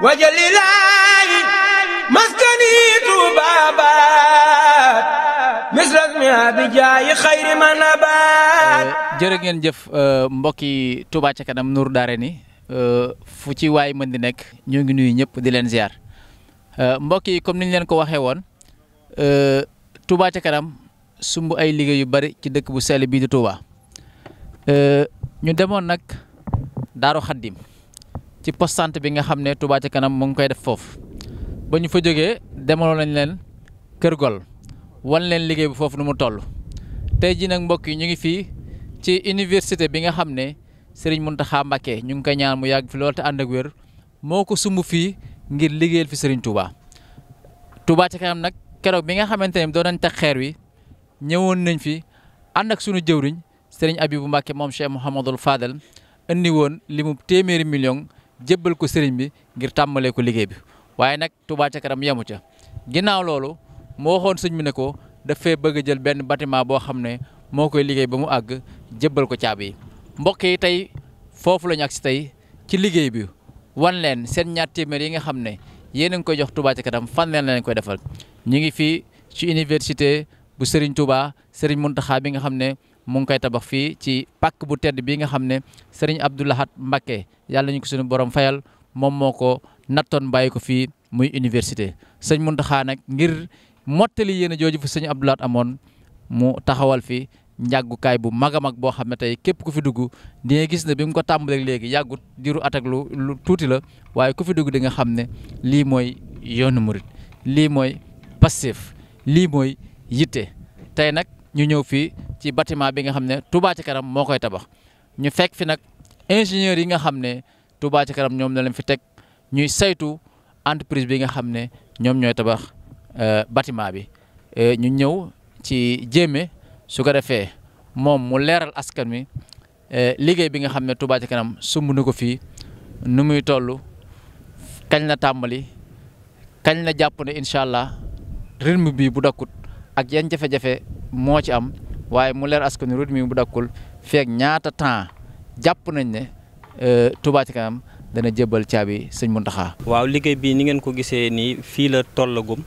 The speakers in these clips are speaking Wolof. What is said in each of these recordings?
wajalilaayi maskani tuubaabaat misrasmi abijaayi xayri man abaat jërë ngeen jëf euh, mbokki tubaa ca kanam Nour daare ni euh, fu ci waay mën di nekk ñoo ngi nuyu ñëpp di leen ziar euh, mbokk yi comme ni leen ko waxee woon tubaa ca kanam sumb ay liggéey yu bari ci dëkk bu sell bii di Touba ñu demoon nag Daaru Xaddim ci poste santé bi nga xam ne Touba ca kanam mu ngi koy def foofu ba ñu fa jógee demaloon nañ leen Kër Gol wan leen liggéey bu foofu nu mu toll tey jii nag mbokk yi ñu ngi fii ci université bi nga xam ne Serigne Mountakha Mbacké ñu ngi koy ñaan mu yàgg fi lool te ànd ak wér moo ko sumb fii ngir liggéeyal fi Serigne Touba Touba ca kanam nag keroog bi nga xamante ne doon nañ teg xeer wi ñëwoon nañ fi ànd ak sunu jëwriñ Serigne Abibou Mbacké moom Cheikh Mouhamadul Fadel indi woon li mu million jébbal ko sëriñ bi ngir tàmbalee ko liggéey bi waaye nag Touba ca karam yemu ca ginnaaw loolu moo waxoon sëñ bi ne ko dafay bëgg a jël benn bâtiment boo xam ne moo koy liggéey ba mu àgg jébbal ko caabi yi mbokk yi tey foofu la ñu agsi tey ci liggéey bi wan leen seen ñaar téeméer yi nga xam ne yéen a ngi koy jox Touba ca kanam fan leen lañ koy defal ñu ngi fii ci université bu Serigne Touba Serigne Mountakha bi nga xam ne mu ngi koy tabax fii ci pàkk bu tedd bii nga xam ne Serigne Abdou Lahad Mbacké yàlla ñu ko suñu borom fayal moom moo ko nattoon bàyyi ko fii muy université sëñ Mountakha nag ngir mottali yéen a jooju fi sëñ Abdou Lahad amoon mu taxawal fii njàggukaay bu mag a mag boo xam ne tey képp ku fi dugg di nga gis ne bi mu ko tàmbalee léegi yàggut diiru at lu tuuti la waaye ku fi dugg di nga xam ne lii mooy yoonu murit lii mooy passif lii mooy yitte tey nag ñu ñëw fii ci bâtiment bi nga xam ne Touba ci kanam moo koy tabax ñu fekk fi nag ingénieur yi nga xam ne Touba ci kanam ñoom la leen fi teg ñuy saytu entreprise bi nga xam ne ñoom ñooy tabax euh, bâtiment bi euh, ñu ñëw ci jéeme su ko defee moom mu leeral askan wi euh, liggéey bi nga xam ne Touba ci kanam sumb na ko fii nu muy toll kañ na tàmbali kañ na jàpp ne incha allah rythme bi bu dakkut ak yan jafe-jafe moo ci am waaye mu leer askan wi mi bu dakkul feeg ñaata temps jàpp nañ ne euh, Touba ci kanam dana jébbal caabi sëñ Muntaxa. waaw liggéey bi ni ngeen ko gisee nii fii la tollagum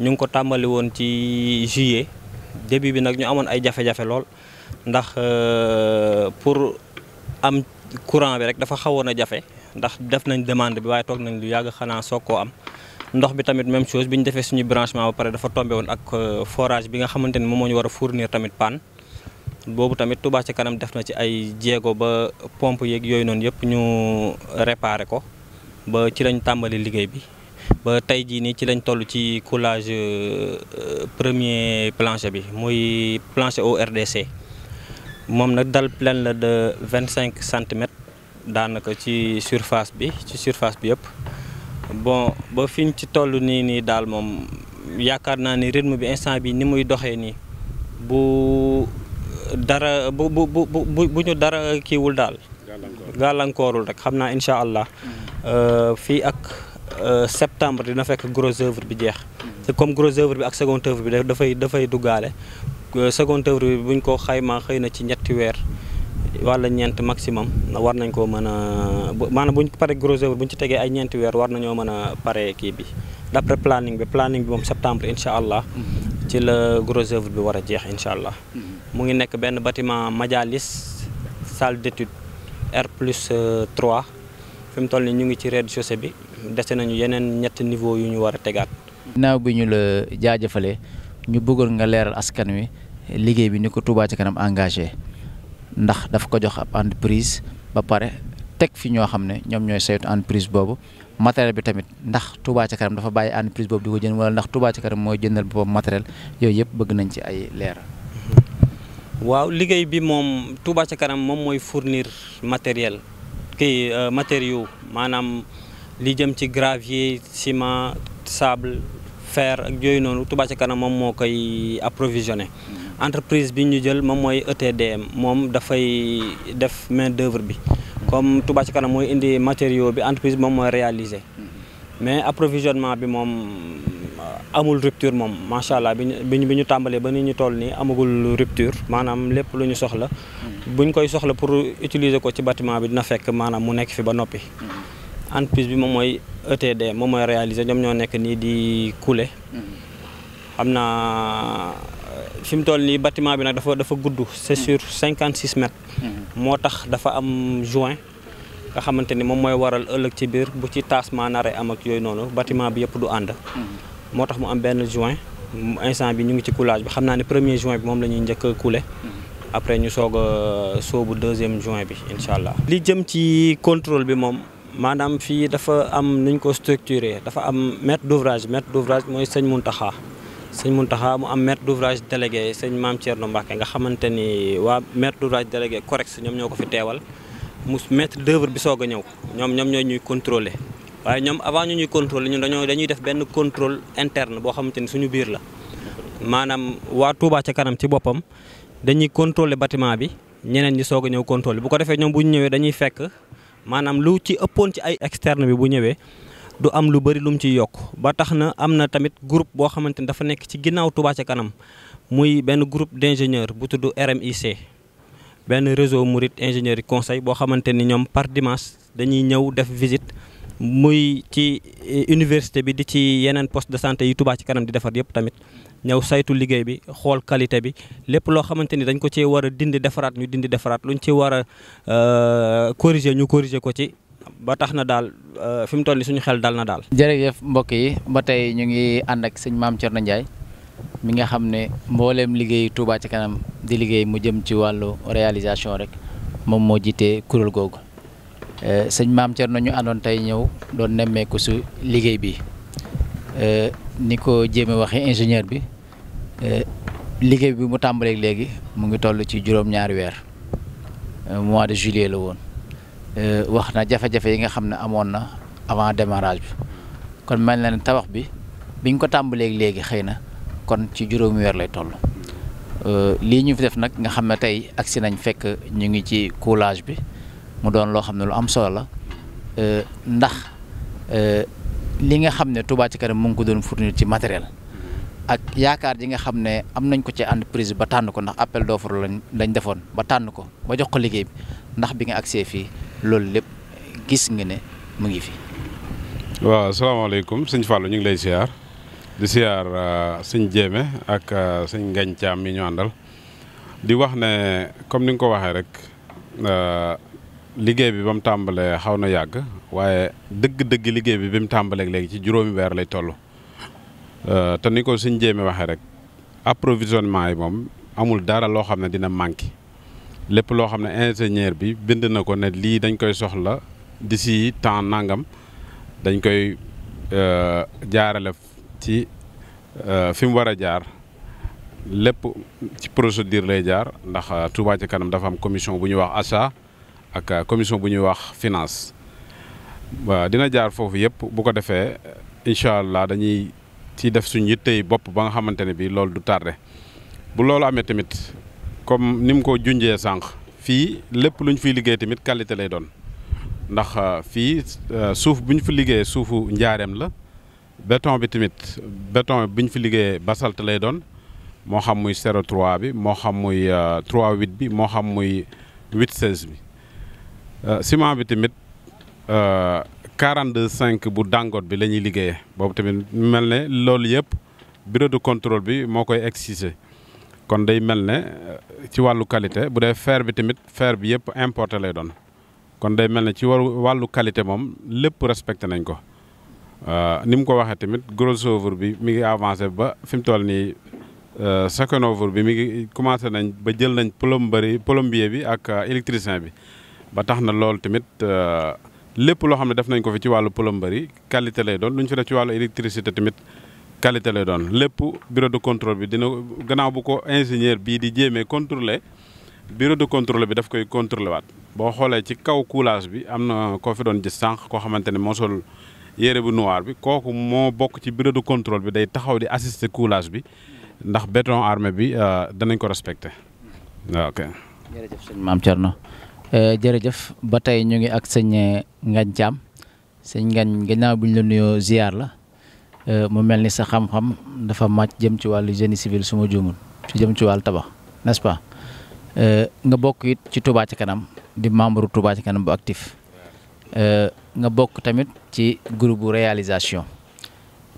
ñu ngi ko tàmbali woon ci juillet début bi nag ñu amoon ay jafe-jafe lool ndax euh, pour am courant bi rek dafa xawoon a jafe ndax def nañ demande bi waaye toog nañ lu yàgg xanaa soog koo am. ndox bi tamit même chose bi ñu defee suñu branchement ba pare dafa tombé woon ak euh, forage bi nga xamante ni moom moo ñu war a tamit panne boobu tamit Touba ci kanam def na ci ay jéego ba pompe yeeg yooyu noonu yëpp ñu réparé ko ba ci lañ tàmbali liggéey bi ba tey jii nii ci lañ toll ci coulage euh, premier plancher bi muy plancher au RDC moom nag dal plein la de vingt cinq centimètres daanaka ci surface bi ci surface bi yëpp. bon ba fiñ ci toll nii nii daal moom yaakaar naa ni rythme bi instant bi ni muy doxee nii bu dara bu bu bu bu ñu dara kiiwul daal. gàllankoorul rek xam naa incha allah euh, fii ak euh, septembre dina fekk gros œuvre bi jeex. te comme gros œuvre bi ak second œuvre bi dafay dafay duggaale euh, second œuvre bi buñ ko xaymaa xëy na ci ñetti weer. wala ñeent maximum war nañ koo mën a maanaam buñ paree gros œuvre buñ ci tegee ay ñeenti weer war nañoo mën a pare kii bi d'après planning bi planning bi moom septembre incha allah mhm. ci la gros œuvre bi war a jeex incha allah mhm. mu ngi nekk benn batiment majalis salle d'étude R plus 3 euh, fi mu toll nii ñu ngi ci rez-de-chaussée bi dese nañu yeneen ñetti niveau yu ñu war a tegaat ginnaaw bi ñu la jaajëfalee ñu bëggoon nga leeral askan wi liggéey bi ñu ko Touba Ca Kanam engagé ndax dafa ko jox ab entreprise ba pare teg fi ñoo xam ne ñoom ñooy saytu entreprise boobu matériel bi tamit ndax Touba ca kanam dafa bàyyi entreprise boobu di ko jënd wala ndax Touba ca kanam mooy jëndal boppam matériel yooyu yëpp bëgg nañ ci ay leer. waaw liggéey bi moom Touba ca kanam moom mooy fournir matériel kii euh, matériaux maanaam li jëm ci gravier ciment sable fer ak yooyu noonu Touba ca kanam moom moo koy approvisionné. Mm. entreprise bi ñu jël moom mooy ETDM moom dafay def main d'œuvre bi comme Touba kanam mooy indi matériaux bi entreprise moom mooy réaliser mais approvisionnement bi moom euh, amul rupture moom macha allah bi ñu bi ñu tàmbalee ba ni ñu toll nii amagul rupture maanaam lépp lu ñu soxla buñ koy soxla pour utiliser ko ci bâtiment bi dina fekk maanaam mu nekk fi ba noppi entreprise bi moom mooy ETD moom mooy réaliser ñoom ñoo nekk nii di couler am naa fi mu toll nii bâtiment bi nag dafa dafa gudd c'est sur cinquante six mètres mhm. moo tax dafa am joint nga xamante ni moom mooy waral ëllëg ci biir bu ci tassement nare am ak yooyu noonu bâtiment bi yëpp du ànd mhm. moo tax mu am benn juin instant bi ñu ngi ci coulage bi xam naa ni premier joint bi moom la ñuy njëkk a couler mhm. après ñu soog a soobu deuxième juin bi incha allah. li jëm ci contrôle bi moom maanaam fii dafa am nuñ ko structuré dafa am maître d'ouvrage maître d'ouvrage mooy sëñ Muntaxa sëñ Mountakha mu am maître d'ouvrage délégué sëñ Maam Thierno Mbacke nga xamante ni waa maître d'ouvrage délégué correct ñoom ñoo ko fi teewal mu maître d'œuvre bi soog a ñëw ñoom ñoom ñoo ñuy contrôler waaye ñoom avant ñu ñuy contrôler ñun dañoo dañuy def benn contrôle interne boo xamante ni suñu biir la maanaam waa Touba ca kanam ci boppam dañuy contrôler bâtiment bi ñeneen ñi soog a ñëw contrôler bu ko defee ñoom bu ñu ñëwee dañuy fekk maanaam lu ci ëppoon ci ay externe bi bu ñëwee du am lu bëri lu mu ciy yokk ba tax na am na tamit groupe boo xamante ni dafa nekk ci ginnaaw tubaa ci kanam muy benn groupe d' ingénieur bu tudd RMIC benn réseau Mouride ingénieur yi conseil boo xamante ni ñoom par dimanche dañuy ñëw def visite muy ci eh, université bi di ci yeneen poste de santé yi tubaa ci kanam di defar yëpp tamit ñëw saytu liggéey bi xool qualité bi lépp loo xamante ni dañ ko ci war a dindi defaraat ñu dindi defaraat luñ ci war a euh, corriger ñu corriger ko ci ba tax na daal euh, fi mu toll nii suñu xel dal na daal. jërëjëf mbokk yi ba tey ñu ngi ànd ak sëñ maam na Ndiaye mi nga xam ne mbooleem liggéey Touba ci kanam di liggéey mu jëm ci wàllu réalisation rek moom moo jiitee kuréel googu euh, sëñ maam Thierno ñu àndoon tey ñëw doon nemmeeku su liggéey bi euh, ni ko jéeme waxee ingénieur bi liggéey bi mu tàmbalee léegi mu ngi toll ci juróom-ñaari weer mois de juillet la woon. Euh, wax na jafe-jafe yi nga xam ne amoon na avant démarrage bi kon mel na ne tabax bi bi biñ ko tàmbalee léegi xëy na kon ci juróomi weer lay toll euh, lii ñu fi def nag nga xam ne tey agsi nañ fekk ñu ngi ci coulage bi mu doon loo xam ne lu am solo la euh, ndax li nga xam ne Touba ci kanam mu ngi ko doon fournir ci matériel ak yaakaar ji nga xam ne am nañ ko ci entreprise ba tànn ko ndax appel d'offre lañ lañ defoon ba tànn ko ba jox ko liggéey bi ndax bi nga agsee fii loolu lépp gis nga ne mu ngi fi. waaw asalaamaaleykum suñ Fallou ñu ngi lay siyaar di siyaar euh, suñ Jéeme ak euh, sëñ Ngañ Caam mi ñu àndal di wax ne comme ni nga ko waxee rek euh, liggéey bi ba mu tàmbalee xaw na yàgg waaye dëgg-dëgg liggéey bi bi mu tàmbalee léegi ci juróomi weer lay toll te ni ko suñ Jéeme waxee rek approvisionnement yi moom amul dara loo xam ne dina manqué. lépp loo xam ne ingénieur bi bind na ko ne lii dañ koy soxla d'ici temps nangam dañ koy euh, jaarale ci euh, fi mu war a jaar lépp ci procédure lay jaar ndax euh, Touba ci kanam dafa am commission bu ñuy wax achat ak commission bu ñuy wax finance waaw dina jaar foofu yëpp bu ko defee incha allah dañuy ci def suñu yittey bopp ba nga xamante ne bii loolu du tardé bu loolu amee tamit. comme ni mu ko junjee sànq fii lépp lu ñu fiy liggéey tamit qualité lay doon ndax euh, fii euh, suuf bu ñu fi liggéeyee suufu njaareem la béton bi tamit béton bi ñu fi liggéeyee basalte lay doon moo xam muy 03 bi moo xam muy 38 euh, bi moo xam muy 816 bi ciment bi tamit 42 5 bu Dangote bi la ñuy liggéeyee boobu tamit mel ne loolu yëpp bureau de contrôle bi moo koy excisé kon day mel ne euh, ci wàllu qualité bu dee fer bi tamit fer bi yëpp importé lay doon kon day mel ne ci waru wàllu qualité moom lépp respecte nañ ko euh, ni mu ko waxee tamit gros œuvre bi mi ngi avancé ba fi mu toll nii euh, second bi mi ngi commencé nañ ba jël nañ plomberie plombier bi ak électricien bi ba tax na loolu tamit lépp loo xam ne def nañ ko fi ci wàllu plomberie qualité lay doon lu ñu fi def ci wàllu électricité tamit. qualité lay doon lépp bureau de contrôle bi dina gannaaw bu ko ingénieur bii di jéemee contrôler bureau de contrôle bi daf koy contrôler waat boo xoolee ci kaw coulage bi am na koo fi doon gis sànq koo xamante ne moo sol yére bu noir bi kooku moo bokk ci bureau de contrôle bi day taxaw di assister coulage bi ndax béton armé bi euh, danañ ko respecté waaw ok. jërëjëf euh, jërëjëf ba tey ñu ngi ak sëñ Ngagne Thiam sëñ Ngagne gannaaw bi ñu la nuyoo ziar la. Euh, mu mel ni sa xam-xam dafa màcc jëm ci wàllu génie civil suma ma juumul ci jëm ci wàllu tabax n'est-ce pas euh, nga bokk it ci Touba ci kanam di membre Touba ci kanam bu actif euh, nga bokk tamit ci groupe bu réalisation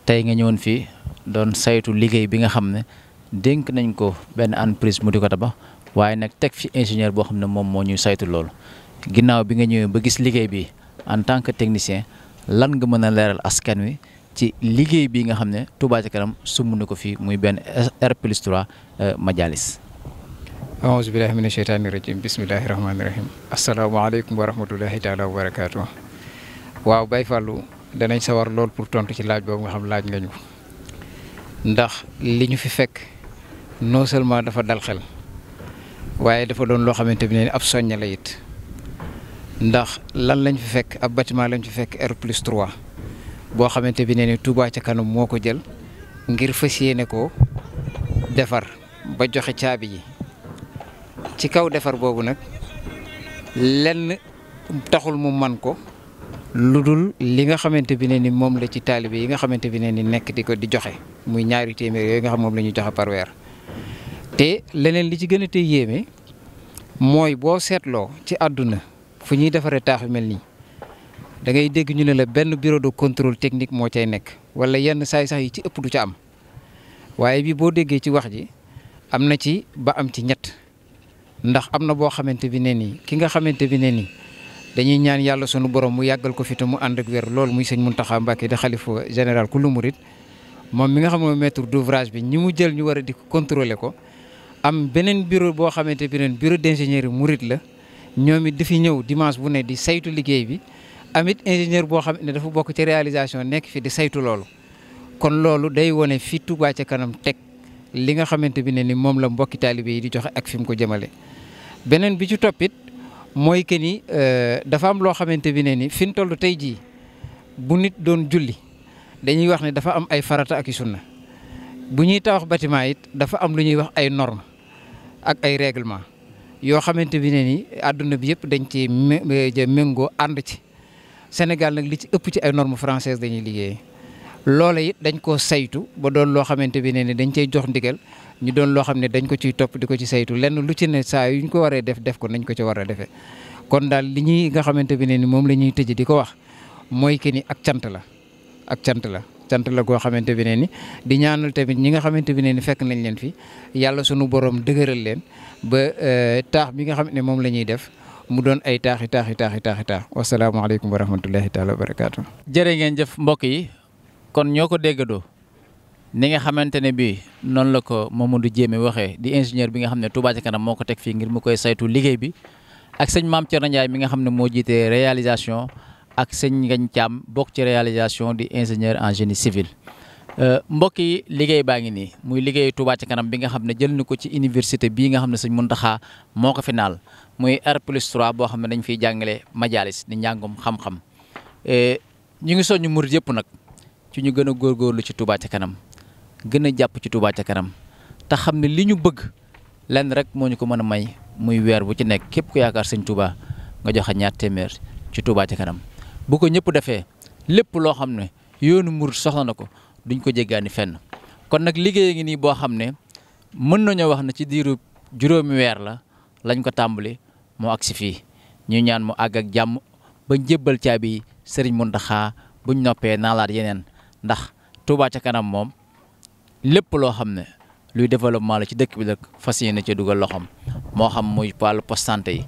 tey nga ñëwoon fii doon saytu liggéey bi nga xam ne dénk nañ ko benn entreprise mu di ko tabax waaye nag teg fi ingénieur boo xam ne moom moo ñuy saytu loolu ginnaaw bi nga ñëwee ba gis liggéey bi en tant que technicien lan nga mën a leeral askan wi ci liggéey bi nga xam ne Touba Ca Kanam sumb na ko fii muy benn R plus 3 euh, majalis aouzu billahi mina sheytaani rajim bismillahi rahmaani rahim asalaamaaleykum wa rahmatullahi taala barakaatu waaw bay Fallou danañ sawar lool pour tontu ci laaj boobu nga xam laaj nga ñu ko ndax li ñu fi fekk non seulement dafa dal xel waaye dafa doon loo xamante bi ne ab soñña la it ndax lan lañ fi fekk ab batiment lañ fi fekk R plus 3 boo xamante bi ne ni Touba ca kanam moo ko jël ngir fas yéene ko defar ba joxe caabi yi ci kaw defar boobu nag lenn taxul mu man ko lu dul li nga xamante bi ne ni moom la ci taalibe yi nga xamante bi ne ni nekk di ko di joxe muy ñaari téeméer yooyu nga xam moom la ñuy joxe parweer te leneen li ci gën a tey yéeme mooy boo seetloo ci àdduna fu ñuy defaree taax mel nii da ngay dégg ñu ne la benn bureau de contrôle technique moo cay nekk wala yenn saay sax yi ci ëpp du ca am waaye bi boo déggee ci wax ji am na ci ba am ci ñett ndax am na boo xamante bi ne nii ki nga xamante bi ne nii dañuy ñaan yàlla sunu borom mu yàggal ko fi te mu ànd ak wér loolu muy sëñ Mountakha Mbacké di xalifa général ku lu murit moom mi nga xam ne maître d'ouvrage bi ñi mu jël ñu war a di ko contrôler ko am beneen bureau boo xamante bi ne bureau d'ingénieur murit la ñoom it di fi ñëw dimanche bu ne di saytu liggéey bi. amit ingénieur boo xam ne dafa bokk ci réalisation nekk fi di saytu loolu kon loolu day wone fi Touba ca kanam teg li nga xamante bi ne ni moom la mbokki taalibe yi di joxe ak fi mu ko jëmale beneen bi ci toppit mooy que ni euh, dafa am loo xamante bi ne ni fi mu toll tey jii bu nit doon julli dañuy wax ne dafa am ay farata ak i sunna bu ñuy tabax bâtiment it dafa am lu ñuy wax ay normes ak ay règlement yoo xamante bi ne ni àdduna bi yëpp dañ ci méngoo ànd ci Sénégal nag li ci ëpp ci ay normes francaise lañuy liggéey loola it dañ koo saytu ba doon loo xamante bi ne dañ cey jox ndigal ñu doon loo xam ne dañ ko ciy topp di ko ci saytu lenn lu ci ne saa yu ñu ko waree def def ko nañ ko ci war a defee. kon daal li ñuy nga xamante bi ne ni moom la ñuy tëj di ko wax mooy que ni ak cant la ak cant la. cant la goo xamante bi ne ni di ñaanal tamit ñi nga xamante bi ne ni fekk nañ leen fi yàlla sunu boroom dëgëral leen ba euh, taax bi nga xam ne moom la ñuy def mu doon ay taaxi taaxi taaxi taaxi taax wasalaamaaleykum wa rahmatullahi taala wa barakaatu. jërë ngeen jëf mbokk yi kon ñoo ko déggandoo ni nga xamante ne bii noonu la ko Mamadou Diémé waxee di ingénieur bi nga xam ne Touba Ca Kanam moo ko teg fii ngir mu koy saytu liggéey bi ak sëñ Maam na Ndiaye mi nga xam ne moo jiite réalisation ak sëñ Ngagne caam bokk ci réalisation di ingénieur en génie civil. Euh, mbokk yi liggéey baa ngi nii muy liggéey Touba ci kanam bi nga xam ne jël na ko ci université bii nga xam ne sañ sëñ Muntaxa moo ko fi naal muy R plus 3 boo xam ne dañ fiy jàngale majalis ni njàngum xam-xam euh, ñu ngi soññu murit yëpp nag ci ñu gën a góorgóorlu ci Touba ci kanam gën a jàpp ci Touba ci kanam te xam ne li ñu bëgg lenn rek moo ñu ko mën a may muy weer bu ci nekk képp ku yaakaar sëñ Touba nga joxe ñaar téeméer ci Touba ci kanam bu ko ñëpp defee lépp loo xam ne yoonu murit soxla na ko duñ ko jéggaani fenn kon nag liggéey ngi nii boo xam ne mën nañoo wax na ci diiru juróomi weer la lañ ko tàmbali moo agsi fii ñu ñaan mu àgg ak jàmm bañ jébbal caabi sëriñ Muntaxa buñ noppee naalaat yeneen ndax Touba ca kanam moom lépp loo xam ne luy développement la ci dëkk bi nag fas yéene ci dugal loxoom moo xam muy wàllu poste santé yi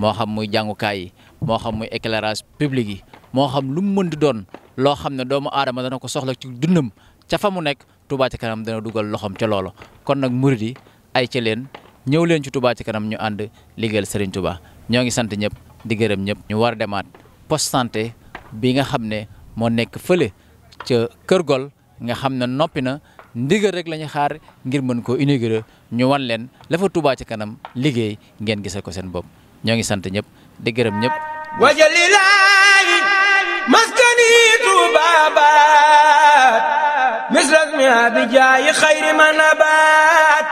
moo xam muy jàngukaay yi moo xam muy éclairage public yi moo xam lu mu di doon loo xam ne doomu aadama dana ko soxla ci dundam ca fa mu nekk tubaa ci kanam dana dugal loxoom ca loolo kon nag murid yi ay ca leen ñëw leen ci tubaa ci kanam ñu ànd liggéeyal Serigne Touba ñoo ngi sant ñëpp di gërëm ñëpp. ñu war a demaat poste santé bi nga xam ne moo nekk fële ca Kër Gol nga xam ne noppi na ndigal rek la xaar ngir mën koo inaugurer ñu leen la fa ci kanam liggéey ngeen gisal ko seen bopp ñoo ngi sant ñëpp di gërëm ñëpp. maskani Tuuba baat misras mi abijaayi xayri ma nabaat